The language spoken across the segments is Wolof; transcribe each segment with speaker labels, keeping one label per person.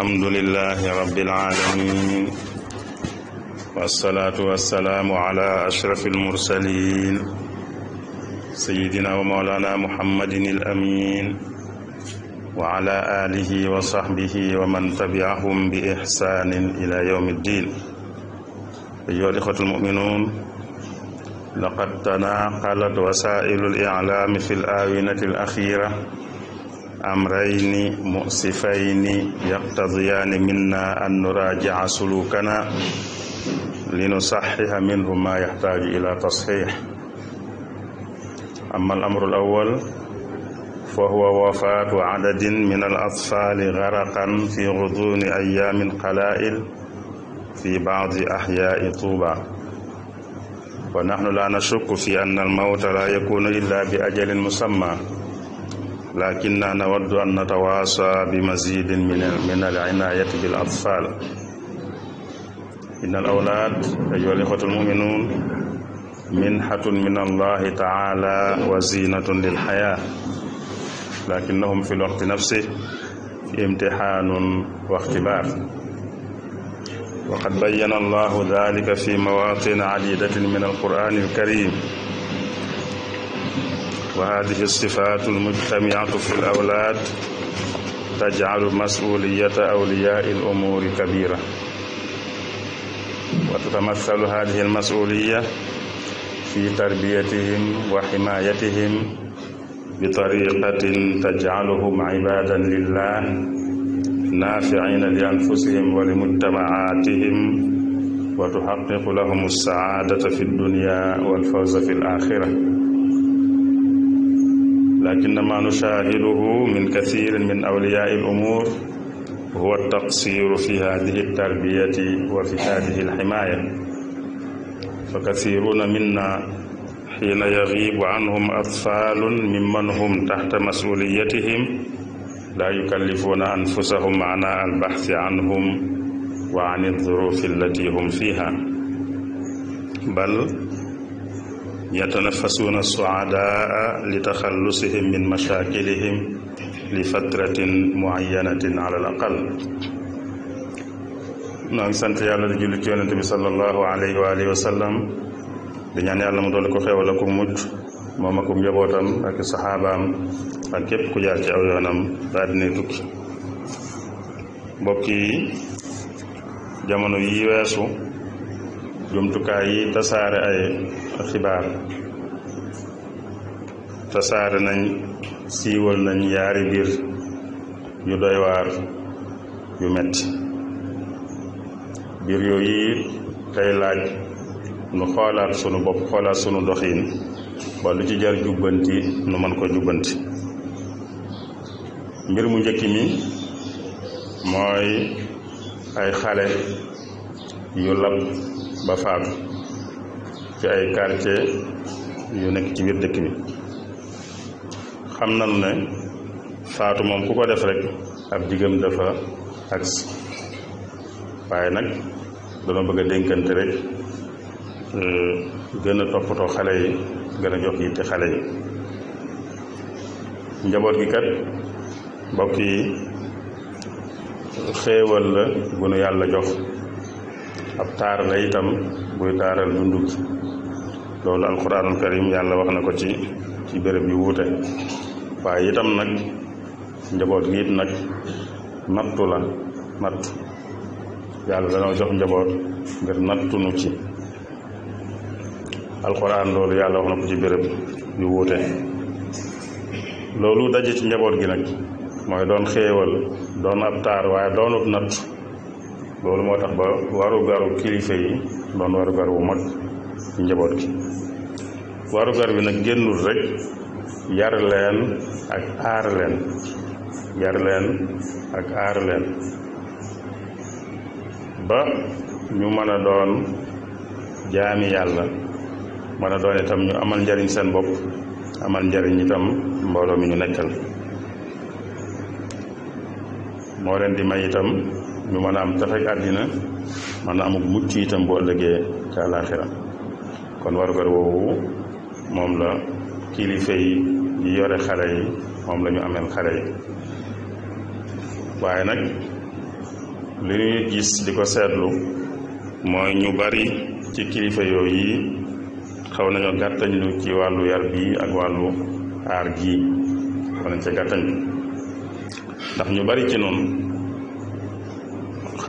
Speaker 1: الحمد لله رب العالمين والصلاة والسلام على أشرف المرسلين سيدنا ومولانا محمد الأمين وعلى آله وصحبه ومن تبعهم بإحسان إلى يوم الدين أيها الإخوة المؤمنون لقد تناقلت وسائل الإعلام في الآونة الأخيرة أمرين مؤسفين يقتضيان منا أن نراجع سلوكنا لنصحح منه ما يحتاج إلى تصحيح أما الأمر الأول فهو وفاة عدد من الأطفال غرقا في غضون أيام قلائل في بعض أحياء طوبى ونحن لا نشك في أن الموت لا يكون إلا بأجل مسمى لكننا نود أن نتواصى بمزيد من من العناية بالأطفال إن الأولاد أيها الإخوة المؤمنون منحة من الله تعالى وزينة للحياة لكنهم في الوقت نفسه امتحان واختبار وقد بين الله ذلك في مواطن عديدة من القرآن الكريم وهذه الصفات المجتمعة في الأولاد تجعل مسؤولية أولياء الأمور كبيرة وتتمثل هذه المسؤولية في تربيتهم وحمايتهم بطريقة تجعلهم عبادا لله نافعين لأنفسهم ولمجتمعاتهم وتحقق لهم السعادة في الدنيا والفوز في الآخرة لكن ما نشاهده من كثير من أولياء الأمور هو التقصير في هذه التربية وفي هذه الحماية فكثيرون منا حين يغيب عنهم أطفال ممن هم تحت مسؤوليتهم لا يكلفون أنفسهم عناء البحث عنهم وعن الظروف التي هم فيها بل yatanafasuuna suadaa li taxallusihim min machaakilihim li fatratin muayanatin ala aqal noo ngi sant yàlla di julli ci yonente bi salallahu alayhi wa alihi wa sallam di ñaan yàlla mu doole ko xewal ak mujj moom ak njabootam ak saxaabaam ak képp ku jaar ci aw tukki mbokk yi jamono weesu jumtukaay yi tasaare ay xibaar tasaare nañ siiwal nañ yaari mbir yu doy waar yu metti mbir yooyu tey laaj nu xoolaat sunu bopp xoolaat sunu doxiin ba lu ci jar jubbanti nu mën ko jubbanti mbir mu njëkk mi mooy ay xale yu lab ba faatu ci ay quartier yu nekk ci biir dëkk bi xam nañu ne faatu moom ku ko def rek ab diggam dafa aks waaye nag dama bëgg a dénkante rek euh, gën a toppatoo xale yi gën a jox yitte xale yi njaboot gi kat mbokk yi xéewal la bu nu yàlla jox ab taara la itam buy taaral lu ndukki loolu alquranul karim yàlla wax na ko ci ci béréb yu wute waaye itam nag njaboot giit nag nattu la nattu yàlla danoo jox njaboot ngir nattu nu ci alquran loolu yàlla wax na ko ci béréb yu wute loolu daje ci njaboot gi nag mooy doon xéewal doon ab taar waaye doonut natt loolu moo tax ba warugaru kilifa yi doon warugar wu mag ci njaboot gi warugar bi nag génnul rekk yar leen ak aar leen ak aarleen ba ñu mën a doon jaami yàlla mën a doon itam ñu amal njariñ seen bopp amal njariñ itam mbooloo mi ñu nekkal moo leen di may itam ñu mën a am tafek àddina mën a amuk mucc itam boo ëllëgee ca àlaaxira kon warugar woowu moom la kilifa yi di yore xale yi moom lañu ñu ameel xale yi waaye nag li ñuy gis di ko seetlu mooy ñu bari ci kilifa yooyu yi xaw nañoo gàttañ ci wàllu yar bii ak wàllu aar ji xaw nañ ca gàttañ ndax ñu bari ci noonu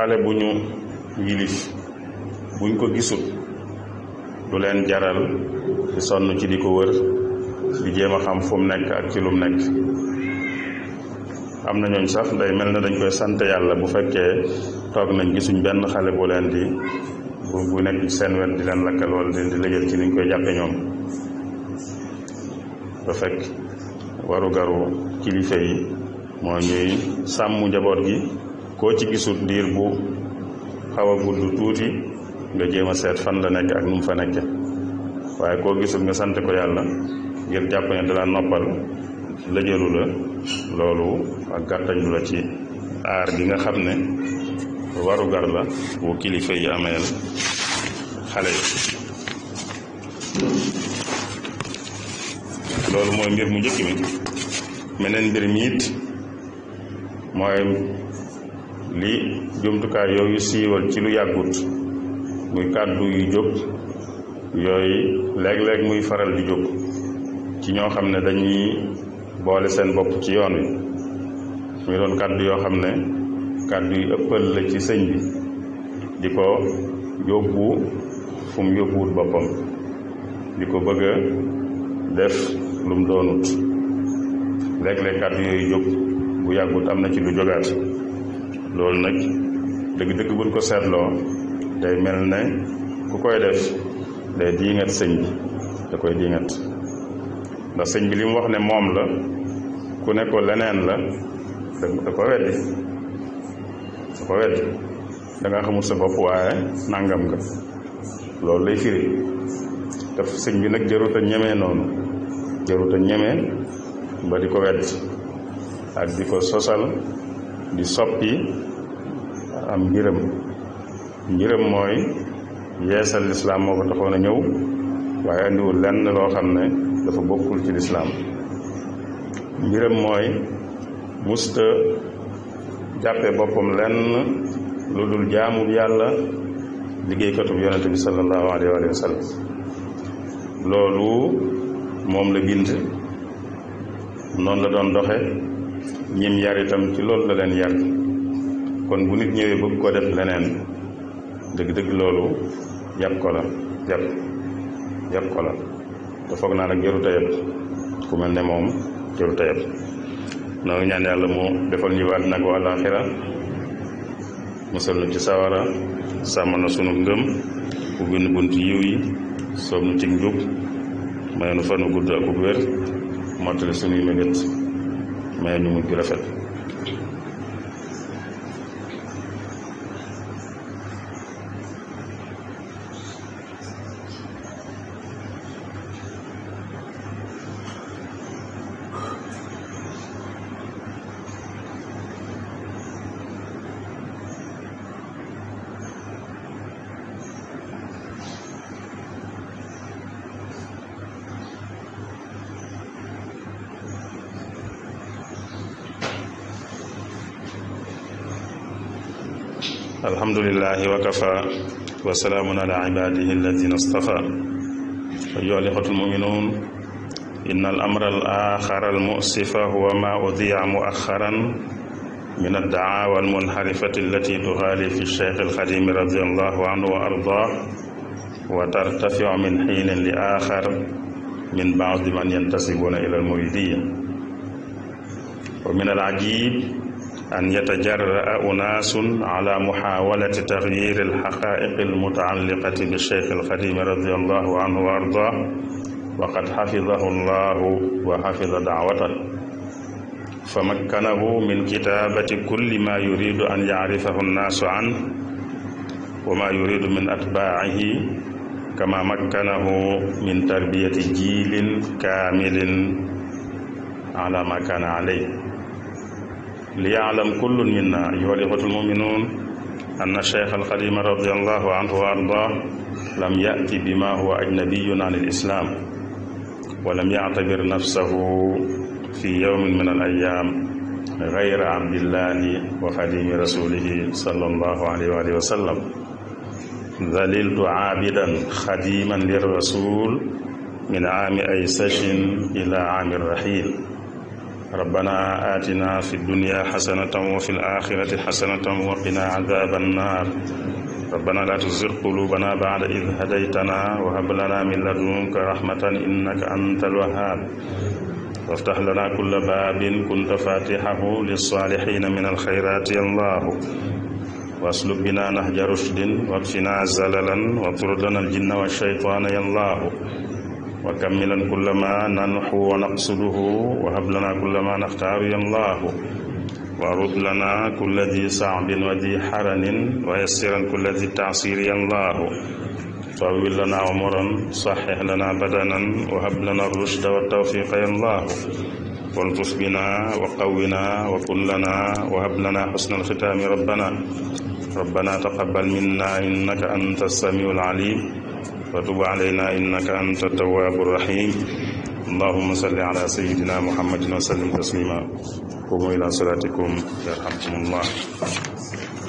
Speaker 1: xale bu ñu yilif buñ ko gisul du leen jaral di sonn ci di ko wër di jéem a xam fu mu nekk ak ci lu mu nekk am na ñooñ sax day mel na dañ koy sant yàlla bu fekkee toog nañ gisuñ benn xale bu leen di bu bu nekk seen wet di leen lakkal wala di lëjal ci niñ koy jàppe ñoom ba fekk waru garu kilifa yi moo ñuy sàmm njaboot gi koo ci gisul diir bu xaw a gudd tuuti nga jéem a seet fan la nekk ak nu fa nekke waaye koo gisul nga sante ko yàlla ngir jàpp ne dala noppal lëjalu la loolu ak gàttañlu la ci aar gi nga xam ne warugar la wu kilifa yi ameel xale yi loolu mooy mbir mu njëkk mi meneen mbir mi it mooy li jumtukaay yooyu siiwal ci lu yàggut muy kàddu yu jóg yooyu léeg-léeg muy faral di jóg ci ñoo xam ne dañuy boole seen bopp ci yoon wi muy doon kàddu yoo xam ne kàddu yi ëppal la ci sëñ bi di ko yóbbu fu mu yóbbuwut boppam di ko bëgg a def lu mu doonut léeg-léeg kàddu yooyu jóg bu yàggut am na ci lu jógaat loolu nag dëgg-dëgg buñ ko seetloo day mel ne ku koy def day diingat sëñ bi da koy diingat ndax sëñ bi li mu wax ne moom la ku ne ko leneen la da ko weddi da ko weddi da nga xamul sa bopp waaye nangam nga loolu lay firi daf sëñ bi nag jarut a ñemee noonu jarut a ñemee ba di ko wedd ak di ko sosal di soppi am ngërëm ngërëm mooy yeesal lislaam moo ko taxoon a ñëw waaye andiwul lenn loo xam ne dafa bokkul ci lislaam ngërëm mooy musta jàppe boppam lenn lu dul jaamub yàlla liggéeykatub yonente bi sallallahu alayhi wa sallam loolu moom la bind noonu la doon doxe ñim yar itam ci loolu la leen yar kon bu nit ñëwee bëgg ko def leneen dëgg-dëgg loolu yàpp ko la yàpp yàpp ko la te foog naa nag jëru tayab ku mel ne moom jëru tayab noonu ñaan yàlla mu defal ñu waat nag àllaaxira musal nu ci sawara sàmm na sunu ngëm ubbi nu bunt yiw yi soob nu ci njub may nu fan gudd ak wér mottali sunuy mébét may nu mujj rafet الحمد لله وكفى وسلام على عباده الذين اصطفى أيها الإخوة المؤمنون إن الأمر الآخر المؤسف هو ما أذيع مؤخرا من الدعاوى المنحرفة التي تغالي في الشيخ الخديم رضي الله عنه وأرضاه وترتفع من حين لآخر من بعض من ينتسبون إلى المريدية ومن العجيب أن يتجرأ أناس على محاولة تغيير الحقائق المتعلقة بالشيخ القديم رضي الله عنه وأرضاه وقد حفظه الله وحفظ دعوته فمكنه من كتابة كل ما يريد أن يعرفه الناس عنه وما يريد من أتباعه كما مكنه من تربية جيل كامل على ما كان عليه ليعلم كل منا أيها الإخوة المؤمنون أن الشيخ القديم رضي الله عنه وأرضاه لم يأتي بما هو أجنبي عن الإسلام ولم يعتبر نفسه في يوم من الأيام غير عبد الله وخديم رسوله صلى الله عليه وآله وسلم ذللت عابدا خديما للرسول من عام أيسش إلى عام الرحيل ربنا آتنا في الدنيا حسنة وفي الآخرة حسنة وقنا عذاب النار ربنا لا تزغ قلوبنا بعد إذ هديتنا وهب لنا من لدنك رحمة إنك أنت الوهاب وافتح لنا كل باب كنت فاتحه للصالحين من الخيرات يا الله واسلك بنا نهج رشد واكفنا زللا واطردنا لنا الجن والشيطان يا الله وكملا كل ما ننحو ونقصده وهب لنا كل ما نختار يا الله وارد لنا كل ذي صعب وذي حرن ويسرا كل ذي تعسير يا الله طول لنا عمرا صحح لنا بدنا وهب لنا الرشد والتوفيق يا الله والطف بنا وقونا وكن لنا وهب لنا حسن الختام ربنا ربنا تقبل منا انك انت السميع العليم وتب علينا إنك أنت التواب الرحيم اللهم صل على سيدنا محمد وسلم تسليما قوموا إلى صلاتكم يرحمكم الله